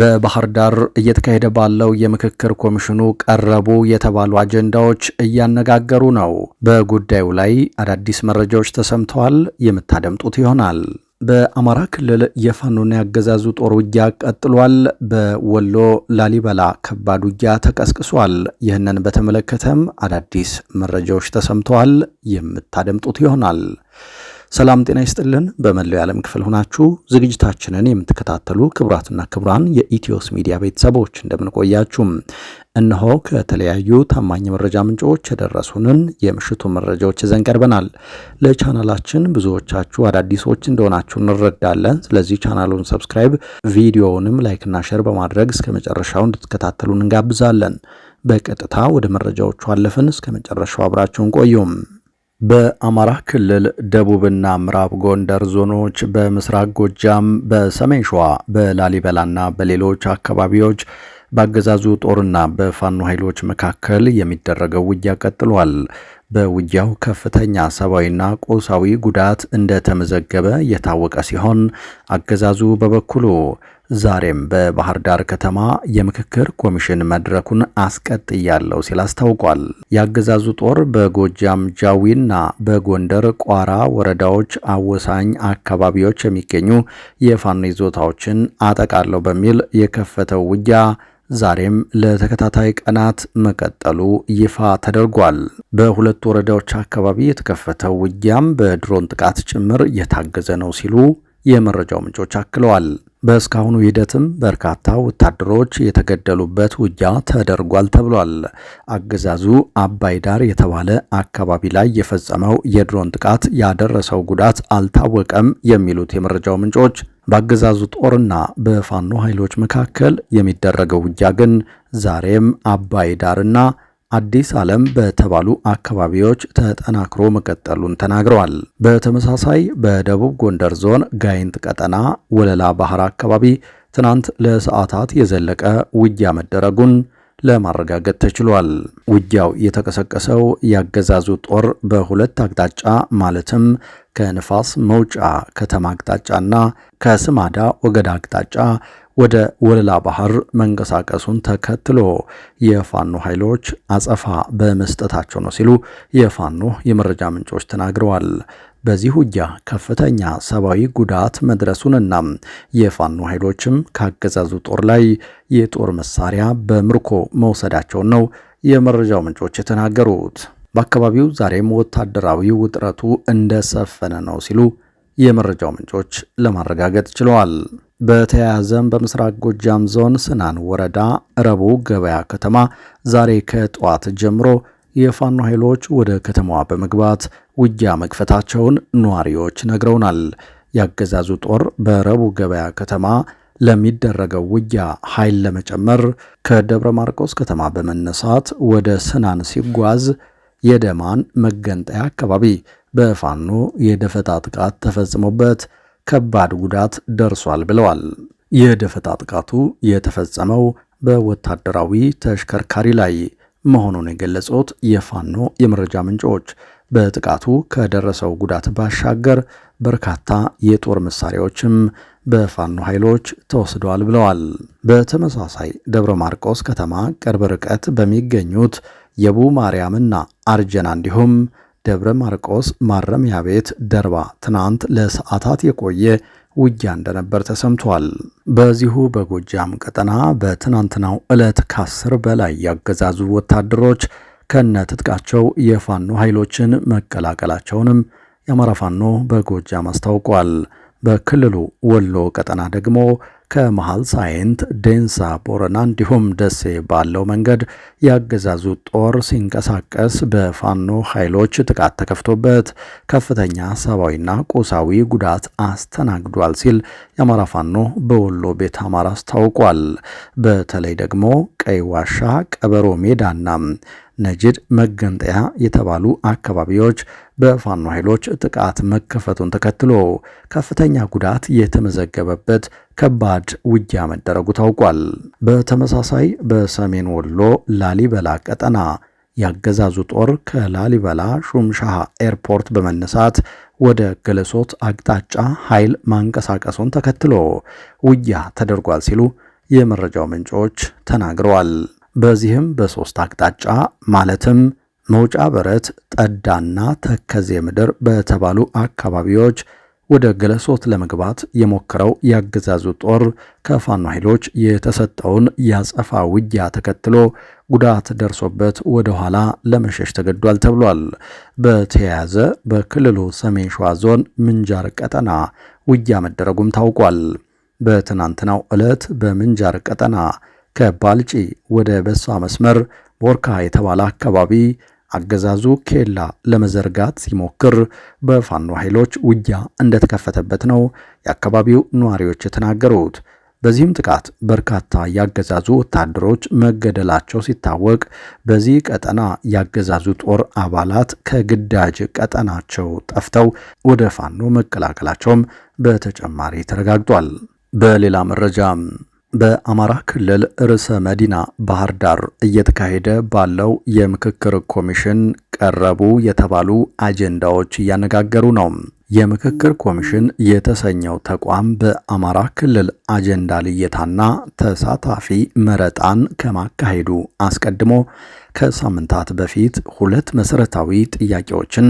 በባህር ዳር እየተካሄደ ባለው የምክክር ኮሚሽኑ ቀረቡ የተባሉ አጀንዳዎች እያነጋገሩ ነው። በጉዳዩ ላይ አዳዲስ መረጃዎች ተሰምተዋል። የምታደምጡት ይሆናል። በአማራ ክልል የፋኖና ያገዛዙ ጦር ውጊያ ቀጥሏል። በወሎ ላሊበላ ከባድ ውጊያ ተቀስቅሷል። ይህንን በተመለከተም አዳዲስ መረጃዎች ተሰምተዋል። የምታደምጡት ይሆናል። ሰላም ጤና ይስጥልን። በመላው የዓለም ክፍል ሆናችሁ ዝግጅታችንን የምትከታተሉ ክቡራትና ክቡራን የኢትዮስ ሚዲያ ቤተሰቦች እንደምንቆያችሁም እነሆ ከተለያዩ ታማኝ መረጃ ምንጮች የደረሱንን የምሽቱ መረጃዎች ይዘን ቀርበናል። ለቻናላችን ብዙዎቻችሁ አዳዲሶች እንደሆናችሁ እንረዳለን። ስለዚህ ቻናሉን ሰብስክራይብ፣ ቪዲዮውንም ላይክና ሸር በማድረግ እስከ መጨረሻው እንድትከታተሉን እንጋብዛለን። በቀጥታ ወደ መረጃዎቹ አለፍን። እስከ መጨረሻው አብራችሁን ቆዩም። በአማራ ክልል ደቡብና ምዕራብ ጎንደር ዞኖች በምስራቅ ጎጃም፣ በሰሜን ሸዋ፣ በላሊበላና በሌሎች አካባቢዎች በአገዛዙ ጦርና በፋኖ ኃይሎች መካከል የሚደረገው ውጊያ ቀጥሏል። በውጊያው ከፍተኛ ሰብአዊና ቁሳዊ ጉዳት እንደተመዘገበ የታወቀ ሲሆን አገዛዙ በበኩሉ ዛሬም በባህር ዳር ከተማ የምክክር ኮሚሽን መድረኩን አስቀጥያለሁ ሲል አስታውቋል። የአገዛዙ ጦር በጎጃም ጃዊና በጎንደር ቋራ ወረዳዎች አወሳኝ አካባቢዎች የሚገኙ የፋኖ ይዞታዎችን አጠቃለሁ በሚል የከፈተው ውጊያ ዛሬም ለተከታታይ ቀናት መቀጠሉ ይፋ ተደርጓል። በሁለቱ ወረዳዎች አካባቢ የተከፈተው ውጊያም በድሮን ጥቃት ጭምር እየታገዘ ነው ሲሉ የመረጃው ምንጮች አክለዋል። በእስካሁኑ ሂደትም በርካታ ወታደሮች የተገደሉበት ውጊያ ተደርጓል ተብሏል። አገዛዙ አባይ ዳር የተባለ አካባቢ ላይ የፈጸመው የድሮን ጥቃት ያደረሰው ጉዳት አልታወቀም የሚሉት የመረጃው ምንጮች በአገዛዙ ጦርና በፋኖ ኃይሎች መካከል የሚደረገው ውጊያ ግን ዛሬም አባይ ዳርና አዲስ ዓለም በተባሉ አካባቢዎች ተጠናክሮ መቀጠሉን ተናግረዋል። በተመሳሳይ በደቡብ ጎንደር ዞን ጋይንት ቀጠና ወለላ ባህር አካባቢ ትናንት ለሰዓታት የዘለቀ ውጊያ መደረጉን ለማረጋገጥ ተችሏል። ውጊያው የተቀሰቀሰው ያገዛዙ ጦር በሁለት አቅጣጫ ማለትም ከንፋስ መውጫ ከተማ አቅጣጫና ከስማዳ ወገዳ አቅጣጫ ወደ ወለላ ባህር መንቀሳቀሱን ተከትሎ የፋኖ ኃይሎች አጸፋ በመስጠታቸው ነው ሲሉ የፋኖ የመረጃ ምንጮች ተናግረዋል። በዚህ ውጊያ ከፍተኛ ሰብአዊ ጉዳት መድረሱንና የፋኖ ኃይሎችም ካገዛዙ ጦር ላይ የጦር መሳሪያ በምርኮ መውሰዳቸውን ነው የመረጃው ምንጮች የተናገሩት። በአካባቢው ዛሬም ወታደራዊ ውጥረቱ እንደሰፈነ ነው ሲሉ የመረጃው ምንጮች ለማረጋገጥ ችለዋል። በተያያዘም በምስራቅ ጎጃም ዞን ስናን ወረዳ ረቡ ገበያ ከተማ ዛሬ ከጠዋት ጀምሮ የፋኖ ኃይሎች ወደ ከተማዋ በመግባት ውጊያ መክፈታቸውን ነዋሪዎች ነግረውናል። ያገዛዙ ጦር በረቡ ገበያ ከተማ ለሚደረገው ውጊያ ኃይል ለመጨመር ከደብረ ማርቆስ ከተማ በመነሳት ወደ ስናን ሲጓዝ የደማን መገንጠያ አካባቢ በፋኖ የደፈጣ ጥቃት ተፈጽሞበት ከባድ ጉዳት ደርሷል ብለዋል። የደፈጣ ጥቃቱ የተፈጸመው በወታደራዊ ተሽከርካሪ ላይ መሆኑን የገለጹት የፋኖ የመረጃ ምንጮች በጥቃቱ ከደረሰው ጉዳት ባሻገር በርካታ የጦር መሳሪያዎችም በፋኖ ኃይሎች ተወስደዋል ብለዋል። በተመሳሳይ ደብረ ማርቆስ ከተማ ቅርብ ርቀት በሚገኙት የቡ ማርያምና አርጀና እንዲሁም ደብረ ማርቆስ ማረሚያ ቤት ደርባ ትናንት ለሰዓታት የቆየ ውጊያ እንደነበር ተሰምቷል። በዚሁ በጎጃም ቀጠና በትናንትናው ዕለት ከአስር በላይ ያገዛዙ ወታደሮች ከነትጥቃቸው የፋኖ ኃይሎችን መቀላቀላቸውንም የአማራ ፋኖ በጎጃም አስታውቋል። በክልሉ ወሎ ቀጠና ደግሞ ከመሃል ሳይንት፣ ዴንሳ፣ ቦረና እንዲሁም ደሴ ባለው መንገድ ያገዛዙ ጦር ሲንቀሳቀስ በፋኖ ኃይሎች ጥቃት ተከፍቶበት ከፍተኛ ሰብአዊና ቁሳዊ ጉዳት አስተናግዷል ሲል የአማራ ፋኖ በወሎ ቤት አማራ አስታውቋል። በተለይ ደግሞ ቀይ ዋሻ፣ ቀበሮ ሜዳና ነጅድ መገንጠያ የተባሉ አካባቢዎች በፋኖ ኃይሎች ጥቃት መከፈቱን ተከትሎ ከፍተኛ ጉዳት የተመዘገበበት ከባድ ውጊያ መደረጉ ታውቋል። በተመሳሳይ በሰሜን ወሎ ላሊበላ ቀጠና ያገዛዙ ጦር ከላሊበላ ሹምሻሃ ኤርፖርት በመነሳት ወደ ገለሶት አቅጣጫ ኃይል ማንቀሳቀሱን ተከትሎ ውጊያ ተደርጓል ሲሉ የመረጃው ምንጮች ተናግረዋል። በዚህም በሦስት አቅጣጫ ማለትም መውጫ በረት፣ ጠዳና ተከዜ ምድር በተባሉ አካባቢዎች ወደ ገለሶት ለመግባት የሞከረው የአገዛዙ ጦር ከፋኖ ኃይሎች የተሰጠውን ያጸፋ ውጊያ ተከትሎ ጉዳት ደርሶበት ወደ ኋላ ለመሸሽ ተገዷል ተብሏል። በተያያዘ በክልሉ ሰሜን ሸዋ ዞን ምንጃር ቀጠና ውጊያ መደረጉም ታውቋል። በትናንትናው ዕለት በምንጃር ቀጠና ከባልጪ ወደ በሷ መስመር ቦርካ የተባለ አካባቢ አገዛዙ ኬላ ለመዘርጋት ሲሞክር በፋኖ ኃይሎች ውጊያ እንደተከፈተበት ነው የአካባቢው ነዋሪዎች የተናገሩት። በዚህም ጥቃት በርካታ ያገዛዙ ወታደሮች መገደላቸው ሲታወቅ፣ በዚህ ቀጠና ያገዛዙ ጦር አባላት ከግዳጅ ቀጠናቸው ጠፍተው ወደ ፋኖ መቀላቀላቸውም በተጨማሪ ተረጋግጧል። በሌላ መረጃ በአማራ ክልል ርዕሰ መዲና ባህር ዳር እየተካሄደ ባለው የምክክር ኮሚሽን ቀረቡ የተባሉ አጀንዳዎች እያነጋገሩ ነው። የምክክር ኮሚሽን የተሰኘው ተቋም በአማራ ክልል አጀንዳ ልየታና ተሳታፊ መረጣን ከማካሄዱ አስቀድሞ ከሳምንታት በፊት ሁለት መሰረታዊ ጥያቄዎችን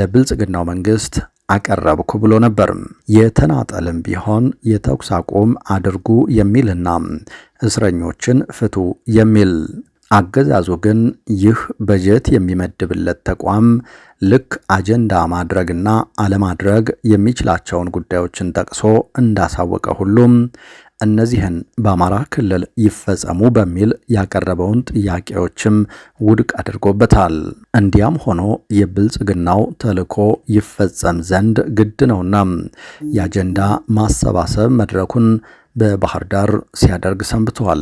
ለብልጽግናው መንግስት አቀረብኩ ብሎ ነበር። የተናጠልም ቢሆን የተኩስ አቁም አድርጉ የሚልና እስረኞችን ፍቱ የሚል አገዛዙ ግን ይህ በጀት የሚመድብለት ተቋም ልክ አጀንዳ ማድረግና አለማድረግ የሚችላቸውን ጉዳዮችን ጠቅሶ እንዳሳወቀ ሁሉም እነዚህን በአማራ ክልል ይፈጸሙ በሚል ያቀረበውን ጥያቄዎችም ውድቅ አድርጎበታል። እንዲያም ሆኖ የብልጽግናው ተልዕኮ ይፈጸም ዘንድ ግድ ነውና የአጀንዳ ማሰባሰብ መድረኩን በባህር ዳር ሲያደርግ ሰንብተዋል።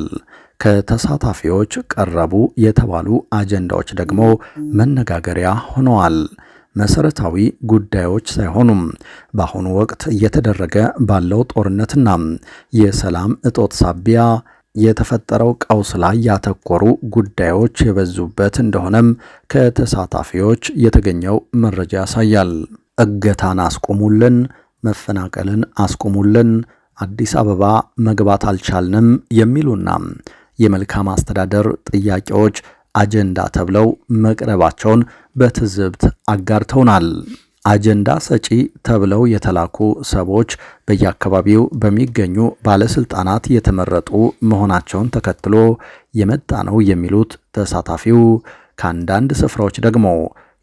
ከተሳታፊዎች ቀረቡ የተባሉ አጀንዳዎች ደግሞ መነጋገሪያ ሆነዋል። መሰረታዊ ጉዳዮች ሳይሆኑም በአሁኑ ወቅት እየተደረገ ባለው ጦርነትና የሰላም እጦት ሳቢያ የተፈጠረው ቀውስ ላይ ያተኮሩ ጉዳዮች የበዙበት እንደሆነም ከተሳታፊዎች የተገኘው መረጃ ያሳያል። እገታን አስቆሙልን፣ መፈናቀልን አስቆሙልን፣ አዲስ አበባ መግባት አልቻልንም የሚሉና የመልካም አስተዳደር ጥያቄዎች አጀንዳ ተብለው መቅረባቸውን በትዝብት አጋርተውናል። አጀንዳ ሰጪ ተብለው የተላኩ ሰዎች በየአካባቢው በሚገኙ ባለስልጣናት የተመረጡ መሆናቸውን ተከትሎ የመጣ ነው የሚሉት ተሳታፊው፣ ከአንዳንድ ስፍራዎች ደግሞ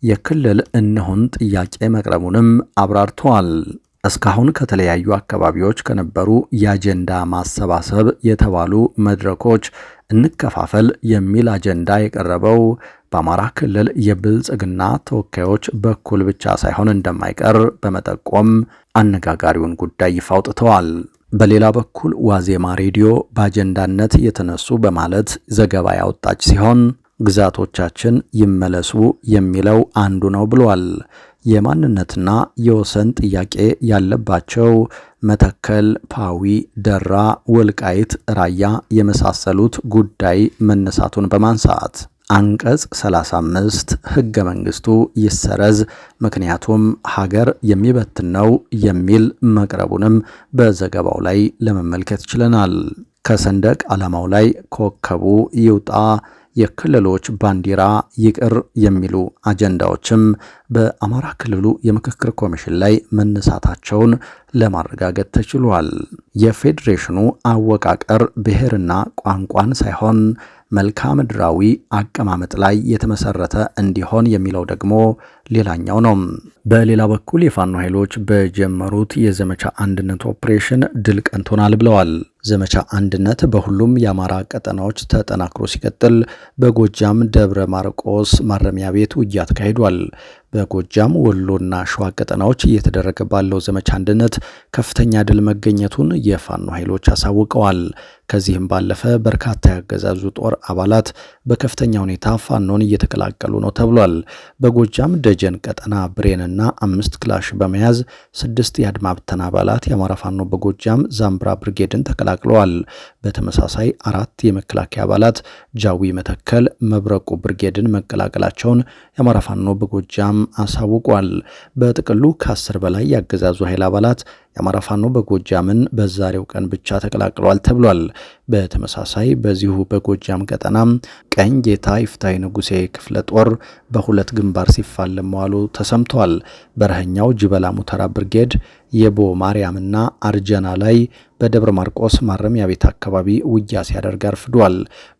የክልል እንሁን ጥያቄ መቅረቡንም አብራርተዋል። እስካሁን ከተለያዩ አካባቢዎች ከነበሩ የአጀንዳ ማሰባሰብ የተባሉ መድረኮች እንከፋፈል የሚል አጀንዳ የቀረበው በአማራ ክልል የብልጽግና ተወካዮች በኩል ብቻ ሳይሆን እንደማይቀር በመጠቆም አነጋጋሪውን ጉዳይ ይፋ አውጥተዋል። በሌላ በኩል ዋዜማ ሬዲዮ በአጀንዳነት የተነሱ በማለት ዘገባ ያወጣች ሲሆን ግዛቶቻችን ይመለሱ የሚለው አንዱ ነው ብሏል። የማንነትና የወሰን ጥያቄ ያለባቸው መተከል፣ ፓዊ፣ ደራ፣ ወልቃይት፣ ራያ የመሳሰሉት ጉዳይ መነሳቱን በማንሳት አንቀጽ 35 ህገ መንግስቱ ይሰረዝ ምክንያቱም ሀገር የሚበትን ነው የሚል መቅረቡንም በዘገባው ላይ ለመመልከት ችለናል። ከሰንደቅ ዓላማው ላይ ኮከቡ ይውጣ የክልሎች ባንዲራ ይቅር የሚሉ አጀንዳዎችም በአማራ ክልሉ የምክክር ኮሚሽን ላይ መነሳታቸውን ለማረጋገጥ ተችሏል። የፌዴሬሽኑ አወቃቀር ብሔርና ቋንቋን ሳይሆን መልክዓ ምድራዊ አቀማመጥ ላይ የተመሰረተ እንዲሆን የሚለው ደግሞ ሌላኛው ነው። በሌላ በኩል የፋኖ ኃይሎች በጀመሩት የዘመቻ አንድነት ኦፕሬሽን ድል ቀንቶናል ብለዋል። ዘመቻ አንድነት በሁሉም የአማራ ቀጠናዎች ተጠናክሮ ሲቀጥል በጎጃም ደብረ ማርቆስ ማረሚያ ቤት ውጊያ ተካሂዷል። በጎጃም ወሎና ሸዋ ቀጠናዎች እየተደረገ ባለው ዘመቻ አንድነት ከፍተኛ ድል መገኘቱን የፋኖ ኃይሎች አሳውቀዋል። ከዚህም ባለፈ በርካታ ያገዛዙ ጦር አባላት በከፍተኛ ሁኔታ ፋኖን እየተቀላቀሉ ነው ተብሏል። በጎጃም ደ የደጀን ቀጠና ብሬንና አምስት ክላሽ በመያዝ ስድስት የአድማ ብተና አባላት የአማራ ፋኖ በጎጃም ዛምብራ ብርጌድን ተቀላቅለዋል። በተመሳሳይ አራት የመከላከያ አባላት ጃዊ መተከል መብረቁ ብርጌድን መቀላቀላቸውን የአማራ ፋኖ በጎጃም አሳውቋል። በጥቅሉ ከአስር በላይ የአገዛዙ ኃይል አባላት የአማራ ፋኖ በጎጃምን በዛሬው ቀን ብቻ ተቀላቅሏል ተብሏል። በተመሳሳይ በዚሁ በጎጃም ቀጠና ቀኝ ጌታ ይፍታይ ንጉሴ ክፍለ ጦር በሁለት ግንባር ሲፋለም መዋሉ ተሰምቷል። በረኸኛው ጅበላ ሙተራ ብርጌድ የቦ ማርያምና አርጀና ላይ በደብረ ማርቆስ ማረሚያ ቤት አካባቢ ውጊያ ሲያደርግ አርፍዷል።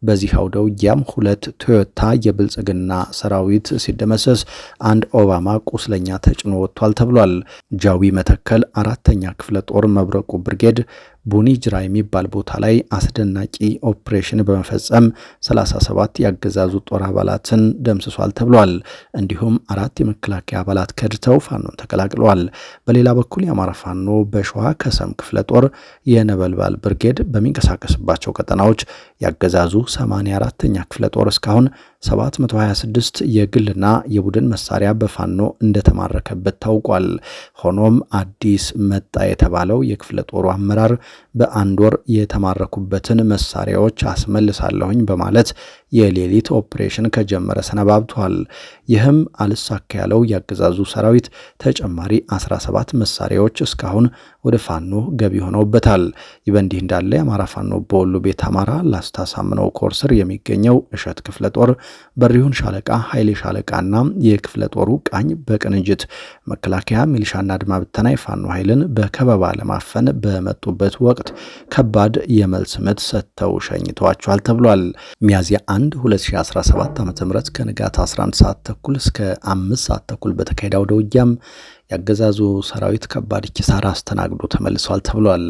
በዚህ አውደ ውጊያም ሁለት ቶዮታ የብልጽግና ሰራዊት ሲደመሰስ አንድ ኦባማ ቁስለኛ ተጭኖ ወጥቷል ተብሏል። ጃዊ መተከል አራተኛ ክፍለ ጦር መብረቁ ብርጌድ ቡኒጅራ የሚባል ቦታ ላይ አስደናቂ ኦፕሬሽን በመፈጸም 37 የአገዛዙ ጦር አባላትን ደምስሷል ተብሏል። እንዲሁም አራት የመከላከያ አባላት ከድተው ፋኖን ተቀላቅለዋል። በሌላ በኩል የአማራ ፋኖ በሸዋ ከሰም ክፍለ ጦር የነበልባል ብርጌድ በሚንቀሳቀስባቸው ቀጠናዎች የአገዛዙ 84ኛ ክፍለ ጦር እስካሁን 726 የግልና የቡድን መሳሪያ በፋኖ እንደተማረከበት ታውቋል። ሆኖም አዲስ መጣ የተባለው የክፍለ ጦሩ አመራር በአንድ ወር የተማረኩበትን መሳሪያዎች አስመልሳለሁኝ በማለት የሌሊት ኦፕሬሽን ከጀመረ ሰነባብቷል። ይህም አልሳካ ያለው የአገዛዙ ሰራዊት ተጨማሪ 17 መሳሪያዎች እስካሁን ወደ ፋኖ ገቢ ሆነውበታል። ይህ በእንዲህ እንዳለ የአማራ ፋኖ በወሎ ቤት አማራ ላስታ ሳምነው ኮር ስር የሚገኘው እሸት ክፍለ ጦር በሪሁን ሻለቃ፣ ኃይሌ ሻለቃና የክፍለ ጦሩ ቃኝ በቅንጅት መከላከያ፣ ሚሊሻና አድማ ብተና የፋኖ ኃይልን በከበባ ለማፈን በመጡበት ወቅት ከባድ የመልስ ምት ሰጥተው ሸኝተዋቸዋል ተብሏል። ሚያዚያ 1 2017 ዓ ም ከንጋት 11 ሰዓት ተኩል እስከ 5 ሰዓት ተኩል በተካሄደው አውደ ያገዛዙ ሰራዊት ከባድ ኪሳራ አስተናግዶ ተመልሷል ተብሏል።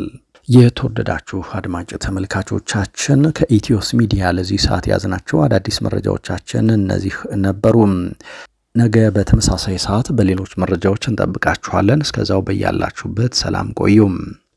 የተወደዳችሁ አድማጭ ተመልካቾቻችን ከኢትዮስ ሚዲያ ለዚህ ሰዓት የያዝናቸው አዳዲስ መረጃዎቻችን እነዚህ ነበሩ። ነገ በተመሳሳይ ሰዓት በሌሎች መረጃዎች እንጠብቃችኋለን። እስከዛው በያላችሁበት ሰላም ቆዩም።